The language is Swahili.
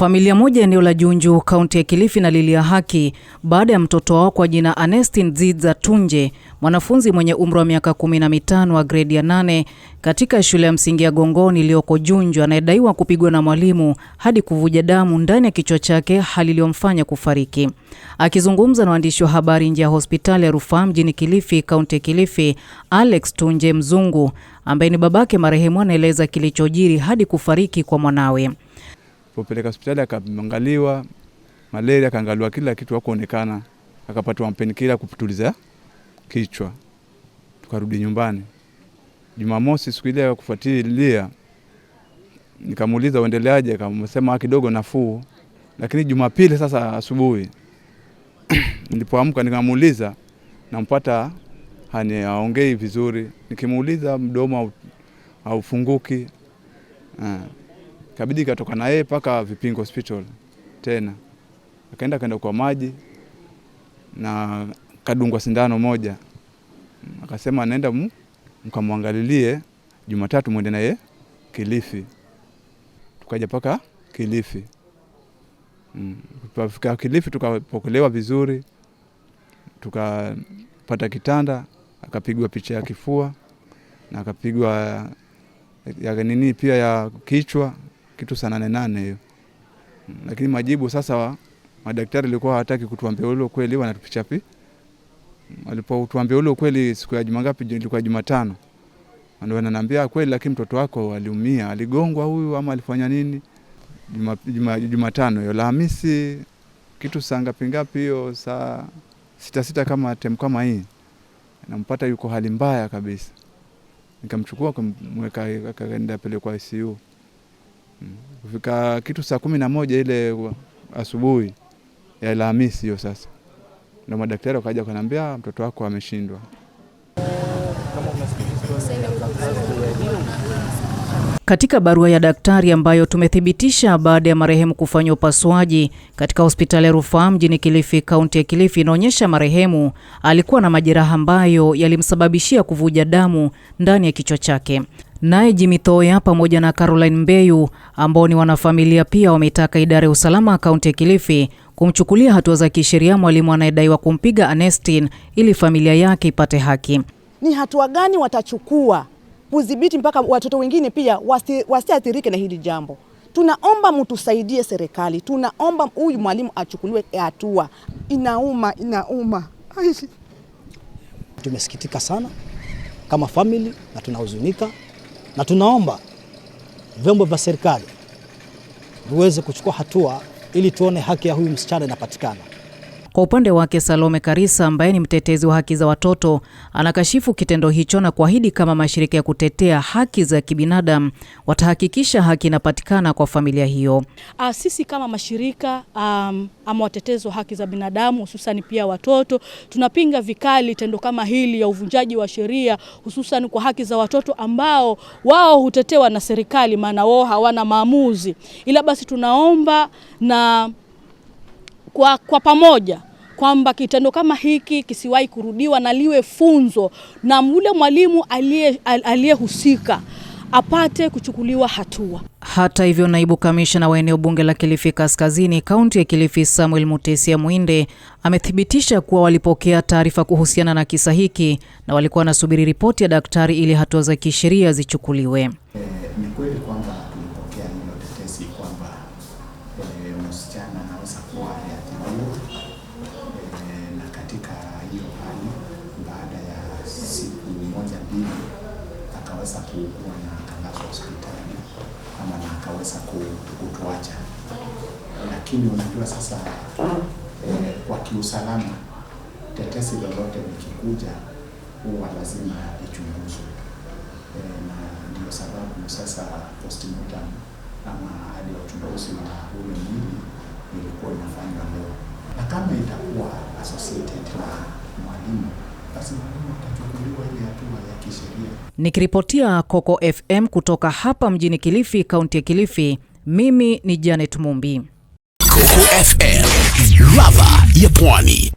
Familia moja eneo la Junju, kaunti ya Kilifi inalilia haki baada ya mtoto wao kwa jina Anestin Dzidza Tunje, mwanafunzi mwenye umri wa miaka kumi na mitano wa gredi ya nane katika shule ya msingi ya Gongoni iliyoko Junju, anayedaiwa kupigwa na mwalimu hadi kuvuja damu ndani ya kichwa chake, hali iliyomfanya kufariki. Akizungumza na waandishi wa habari nje ya hospitali ya rufaa mjini Kilifi, kaunti ya Kilifi, Alex Tunje Mzungu ambaye ni babake marehemu anaeleza kilichojiri hadi kufariki kwa mwanawe. Alipopeleka hospitali akaangaliwa malaria, akaangaliwa kila kitu, hakuonekana. Akapatiwa mpenikila kutuliza kichwa, tukarudi nyumbani. Jumamosi siku ile ya kufuatilia, nikamuuliza uendeleaje, akamsema ah, kidogo nafuu. Lakini Jumapili sasa asubuhi nilipoamka nikamuuliza, nampata hani aongei vizuri, nikimuuliza mdomo haufunguki. Ah kabidi katoka na yeye mpaka Vipingo hospital tena, akaenda kaenda kwa maji na kadungwa sindano moja, akasema anaenda mkamwangalilie Jumatatu mwende naye Kilifi. Tukaja mpaka Kilifi mm. Kilifi tukapokelewa vizuri, tukapata kitanda, akapigwa picha ya kifua na akapigwa ya nini pia ya kichwa kitu saa nane nane hiyo, lakini majibu sasa wa, madaktari walikuwa hawataki kutuambia ule ukweli, wanatupichapi. Walipotuambia ule ukweli siku ya juma ngapi, ilikuwa Jumatano, ndio wananiambia kweli, lakini mtoto wako aliumia, aligongwa huyu ama alifanya nini? Jumatano hiyo, Alhamisi kitu saa ngapi ngapi hiyo, saa sita sita kama tem kama hii, nampata yuko hali mbaya kabisa, nikamchukua kumweka akaenda pelekwa ICU kufika kitu saa kumi na moja ile asubuhi ya Alhamisi hiyo sasa na madaktari wakaja wakaniambia mtoto wako ameshindwa. Katika barua ya daktari ambayo tumethibitisha baada ya marehemu kufanywa upasuaji katika hospitali ya rufaa mjini Kilifi, kaunti ya Kilifi, inaonyesha marehemu alikuwa na majeraha ambayo yalimsababishia kuvuja damu ndani ya kichwa chake. Naye Jimmy Thoya pamoja na Caroline Mbeyu ambao ni wanafamilia pia wameitaka idara ya usalama kaunti ya Kilifi kumchukulia hatua za kisheria mwalimu anayedaiwa kumpiga Anestin ili familia yake ipate haki. Ni hatua gani watachukua kudhibiti mpaka watoto wengine pia wasiathirike na hili jambo? Tunaomba mtusaidie serikali, tunaomba huyu mwalimu achukuliwe hatua. Inauma, inauma. Tumesikitika sana kama family na tunahuzunika na tunaomba vyombo vya serikali viweze kuchukua hatua ili tuone haki ya huyu msichana inapatikana. Kwa upande wake, Salome Karisa ambaye ni mtetezi wa haki za watoto anakashifu kitendo hicho na kuahidi kama mashirika ya kutetea haki za kibinadamu watahakikisha haki inapatikana kwa familia hiyo. Ah, sisi kama mashirika um, ama watetezi wa haki za binadamu hususan pia watoto tunapinga vikali tendo kama hili ya uvunjaji wa sheria hususan kwa haki za watoto ambao wao hutetewa na serikali, maana wao hawana maamuzi, ila basi tunaomba na kwa, kwa pamoja kwamba kitendo kama hiki kisiwahi kurudiwa na liwe funzo na yule mwalimu aliyehusika apate kuchukuliwa hatua. Hata hivyo, naibu kamishna wa eneo bunge la Kilifi Kaskazini, kaunti ya Kilifi, Samuel Mutesia Mwinde amethibitisha kuwa walipokea taarifa kuhusiana na kisa hiki na walikuwa wanasubiri ripoti ya daktari ili hatua za kisheria zichukuliwe. Eh, kwa bibi akaweza kuwa na tangazo hospitali ama na akaweza kutuacha. Lakini unajua sasa eh, kwa kiusalama, tetesi lolote likikuja huwa lazima ichunguzwe eh, na ndio sababu sasa postmortem ama hadi ya uchunguzi wa ule mwili ilikuwa inafanywa leo, na kama itakuwa associated na mwalimu Nikiripotia Coco FM kutoka hapa mjini Kilifi, kaunti ya Kilifi, mimi ni Janet Mumbi. Coco FM, ladha ya Pwani.